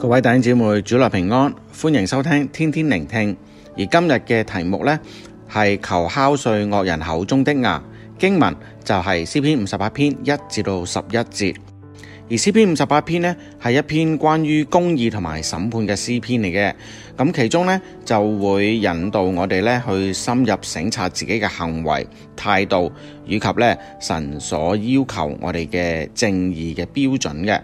各位弟兄姊妹，主內平安，歡迎收聽天天聆聽。而今日嘅題目呢，係求敲碎惡人口中的牙，經文就係詩篇五十八篇一至到十一節。而詩篇五十八篇呢，係一篇關於公義同埋審判嘅詩篇嚟嘅，咁其中呢，就會引導我哋咧去深入省察自己嘅行為態度，以及咧神所要求我哋嘅正義嘅標準嘅。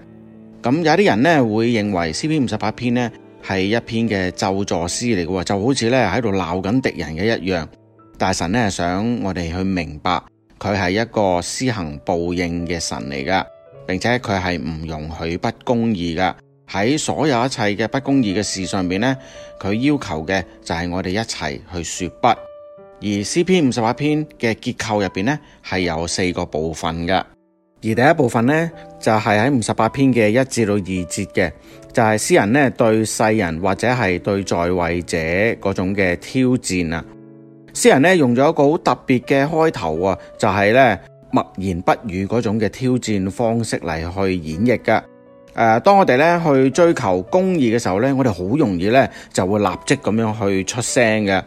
咁有啲人咧會認為詩篇58篇呢，係一篇嘅咒詛詩嚟嘅喎，就好似咧喺度鬧緊敵人嘅一樣。大神咧想我哋去明白，佢係一個施行報應嘅神嚟噶，並且佢係唔容許不公義嘅。喺所有一切嘅不公義嘅事上面呢，佢要求嘅就係我哋一齊去說不。而詩篇58篇嘅結構入邊呢，係有四個部分嘅。而第一部分呢，就係喺五十八篇嘅一至到二節嘅，就係、是、詩人呢對世人或者係對在位者嗰種嘅挑戰啊。詩人呢用咗一個好特別嘅開頭啊，就係、是、呢默言不語嗰種嘅挑戰方式嚟去演繹噶。誒、呃，當我哋呢去追求公義嘅時候呢，我哋好容易呢就會立即咁樣去出聲嘅。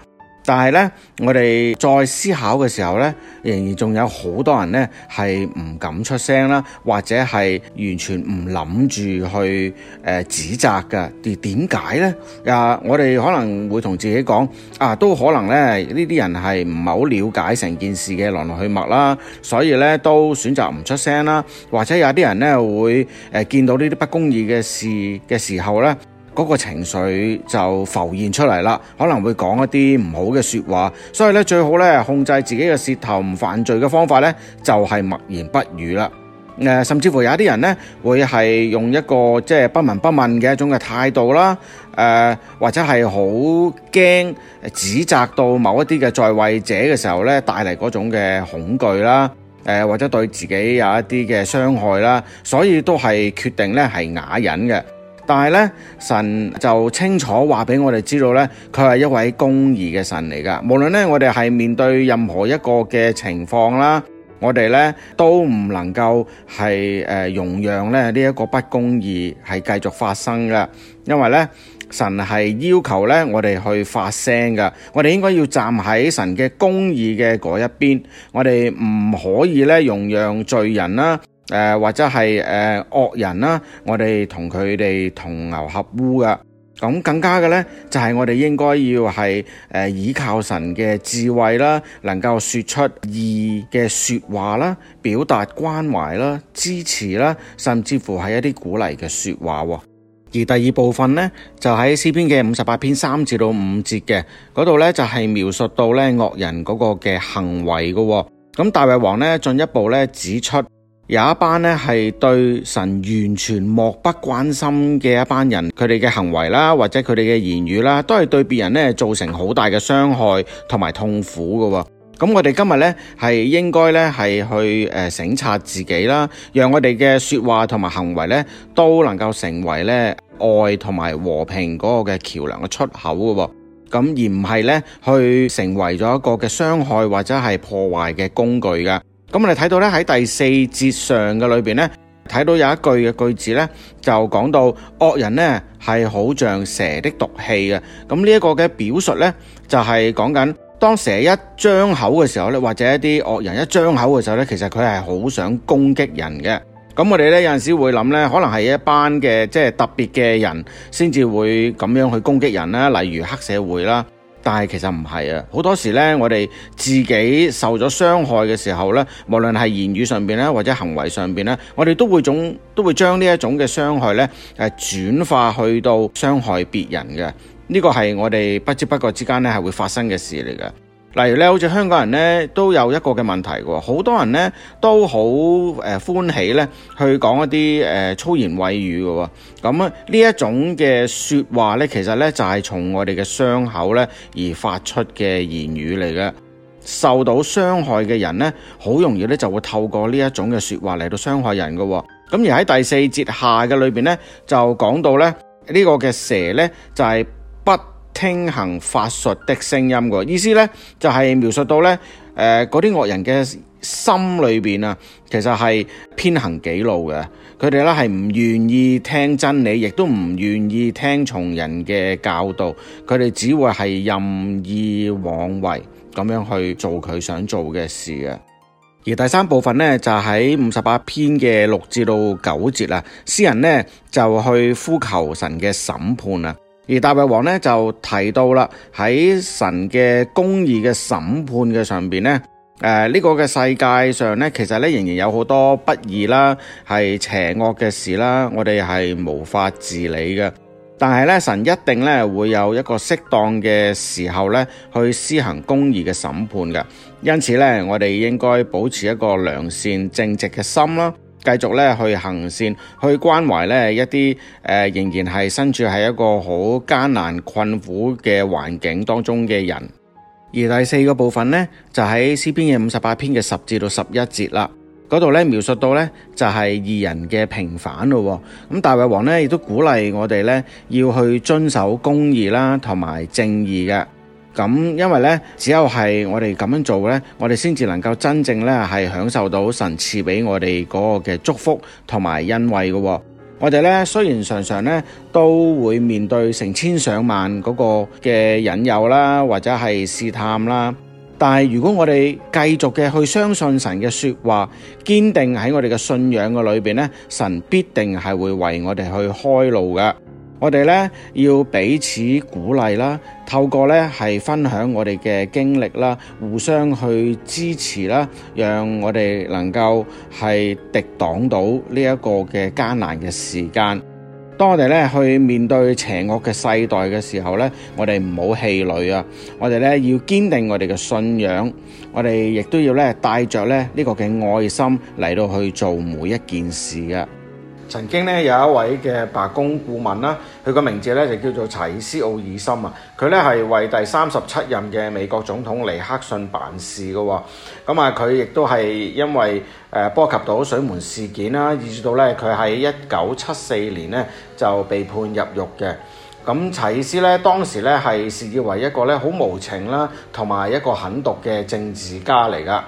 但係呢，我哋再思考嘅時候呢，仍然仲有好多人呢係唔敢出聲啦，或者係完全唔諗住去誒指責嘅。而點解呢？啊，我哋可能會同自己講啊，都可能呢呢啲人係唔係好了解成件事嘅來龍去脈啦，所以呢都選擇唔出聲啦。或者有啲人呢會誒見到呢啲不公義嘅事嘅時候呢。嗰個情緒就浮現出嚟啦，可能會講一啲唔好嘅説話，所以咧最好咧控制自己嘅舌頭唔犯罪嘅方法咧就係默言不語啦。誒、呃，甚至乎有一啲人咧會係用一個即係不聞不問嘅一種嘅態度啦，誒、呃、或者係好驚指責到某一啲嘅在位者嘅時候咧帶嚟嗰種嘅恐懼啦，誒、呃、或者對自己有一啲嘅傷害啦，所以都係決定咧係啞忍嘅。但係咧，神就清楚話俾我哋知道咧，佢係一位公義嘅神嚟噶。無論咧我哋係面對任何一個嘅情況啦，我哋咧都唔能夠係誒容讓咧呢一個不公義係繼續發生噶。因為咧神係要求咧我哋去發聲噶，我哋應該要站喺神嘅公義嘅嗰一邊，我哋唔可以咧容讓罪人啦。誒、呃，或者係誒、呃、惡人啦，我哋同佢哋同流合污噶，咁更加嘅呢，就係、是、我哋應該要係誒依靠神嘅智慧啦，能夠說出義嘅說話啦，表達關懷啦、支持啦，甚至乎係一啲鼓勵嘅說話。而第二部分呢，就喺詩篇嘅五十八篇三至到五節嘅嗰度呢，就係、是、描述到呢惡人嗰個嘅行為噶。咁大衛王呢，進一步呢指出。有一班咧係對神完全漠不關心嘅一班人，佢哋嘅行為啦，或者佢哋嘅言語啦，都係對別人咧造成好大嘅傷害同埋痛苦嘅。咁我哋今日咧係應該咧係去誒省察自己啦，讓我哋嘅説話同埋行為咧都能夠成為咧愛同埋和平嗰個嘅橋梁嘅出口嘅。咁而唔係咧去成為咗一個嘅傷害或者係破壞嘅工具嘅。咁我哋睇到咧喺第四節上嘅裏邊咧，睇到有一句嘅句子咧，就講到惡人咧係好像蛇的毒氣嘅。咁呢一個嘅表述咧，就係講緊當蛇一張口嘅時候咧，或者一啲惡人一張口嘅時候咧，其實佢係好想攻擊人嘅。咁我哋咧，有陣時會諗咧，可能係一班嘅，即係特別嘅人先至會咁樣去攻擊人啦，例如黑社會啦。但係其實唔係啊，好多時呢，我哋自己受咗傷害嘅時候呢，無論係言語上邊呢，或者行為上邊呢，我哋都會總都會將呢一種嘅傷害呢誒轉化去到傷害別人嘅，呢個係我哋不知不覺之間呢係會發生嘅事嚟嘅。例如咧，好似香港人咧，都有一個嘅問題嘅喎，好多人咧都好誒、呃、歡喜咧去講一啲誒、呃、粗言穢語嘅喎，咁啊呢一種嘅説話咧，其實咧就係、是、從我哋嘅傷口咧而發出嘅言語嚟嘅，受到傷害嘅人咧，好容易咧就會透過呢一種嘅説話嚟到傷害人嘅喎，咁而喺第四節下嘅裏邊咧，就講到咧呢、這個嘅蛇咧就係、是、不聽行法術的聲音嘅意思呢就係描述到呢誒，嗰、呃、啲惡人嘅心裏邊啊，其實係偏行己路嘅，佢哋咧係唔願意聽真理，亦都唔願意聽從人嘅教導，佢哋只會係任意妄為咁樣去做佢想做嘅事嘅。而第三部分呢，就喺五十八篇嘅六至到九節啊，詩人呢，就去呼求神嘅審判啊。而大衛王咧就提到啦，喺神嘅公義嘅審判嘅上面咧，誒、呃、呢、這個嘅世界上咧，其實咧仍然有好多不義啦，係邪惡嘅事啦，我哋係無法治理嘅。但係咧，神一定咧會有一個適當嘅時候咧去施行公義嘅審判嘅。因此咧，我哋應該保持一個良善正直嘅心啦。繼續咧去行善，去關懷咧一啲誒、呃、仍然係身處喺一個好艱難困苦嘅環境當中嘅人。而第四個部分呢，就喺《詩篇》嘅五十八篇嘅十至到十一節啦，嗰度咧描述到呢，就係義人嘅平反咯。咁大衛王呢，亦都鼓勵我哋呢，要去遵守公義啦，同埋正義嘅。咁，因為咧，只有係我哋咁樣做咧，我哋先至能夠真正咧係享受到神賜俾我哋嗰個嘅祝福同埋恩惠嘅哦。我哋咧雖然常常咧都會面對成千上萬嗰個嘅引誘啦，或者係試探啦，但係如果我哋繼續嘅去相信神嘅說話，堅定喺我哋嘅信仰嘅裏邊咧，神必定係會為我哋去開路嘅。我哋咧要彼此鼓勵啦，透過咧係分享我哋嘅經歷啦，互相去支持啦，讓我哋能夠係抵擋到呢一個嘅艱難嘅時間。當我哋咧去面對邪惡嘅世代嘅時候咧，我哋唔好氣餒啊！我哋咧要堅定我哋嘅信仰，我哋亦都要咧帶着咧呢、這個嘅愛心嚟到去做每一件事嘅。曾經咧有一位嘅白宮顧問啦，佢個名字咧就叫做齊斯奧爾森啊。佢咧係為第三十七任嘅美國總統尼克遜辦事嘅。咁啊，佢亦都係因為誒波及到水門事件啦，以致到咧佢喺一九七四年咧就被判入獄嘅。咁齊斯咧當時咧係視以為一個咧好無情啦，同埋一個狠毒嘅政治家嚟噶。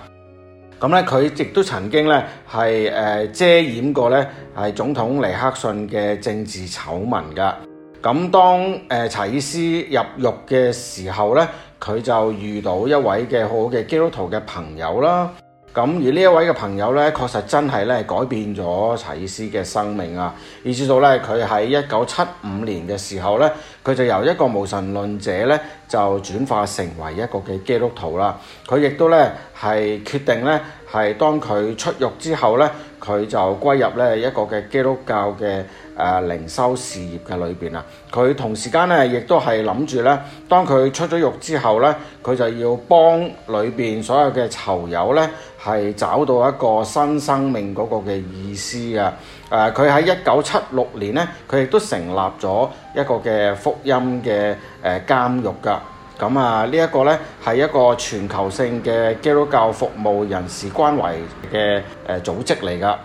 咁咧，佢亦都曾經咧係誒遮掩過咧係總統尼克遜嘅政治醜聞噶。咁當誒查爾斯入獄嘅時候咧，佢就遇到一位嘅好嘅基督徒嘅朋友啦。咁而呢一位嘅朋友咧，確實真係咧改變咗查爾斯嘅生命啊！以至到咧，佢喺一九七五年嘅時候咧，佢就由一個無神論者咧。就轉化成為一個嘅基督徒啦。佢亦都咧係決定咧係當佢出獄之後咧，佢就歸入咧一個嘅基督教嘅誒、呃、靈修事業嘅裏邊啊。佢同時間咧亦都係諗住咧，當佢出咗獄之後咧，佢就要幫裏邊所有嘅囚友咧係找到一個新生命嗰個嘅意思啊。誒，佢喺一九七六年呢，佢亦都成立咗一個嘅福音嘅誒監獄㗎。咁啊，這個、呢一個咧係一個全球性嘅基督教服務人士關懷嘅誒組織嚟㗎。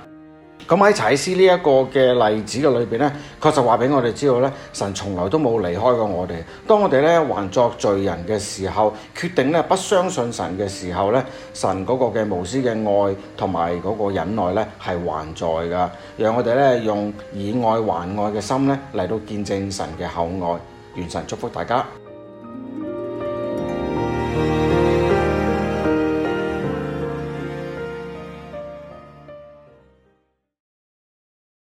咁喺彩詩呢一個嘅例子嘅裏邊咧，確實話俾我哋知道咧，神從來都冇離開過我哋。當我哋咧還作罪人嘅時候，決定咧不相信神嘅時候咧，神嗰個嘅無私嘅愛同埋嗰個忍耐咧係還在噶讓我哋咧用以愛還愛嘅心咧嚟到見證神嘅厚愛。願神祝福大家。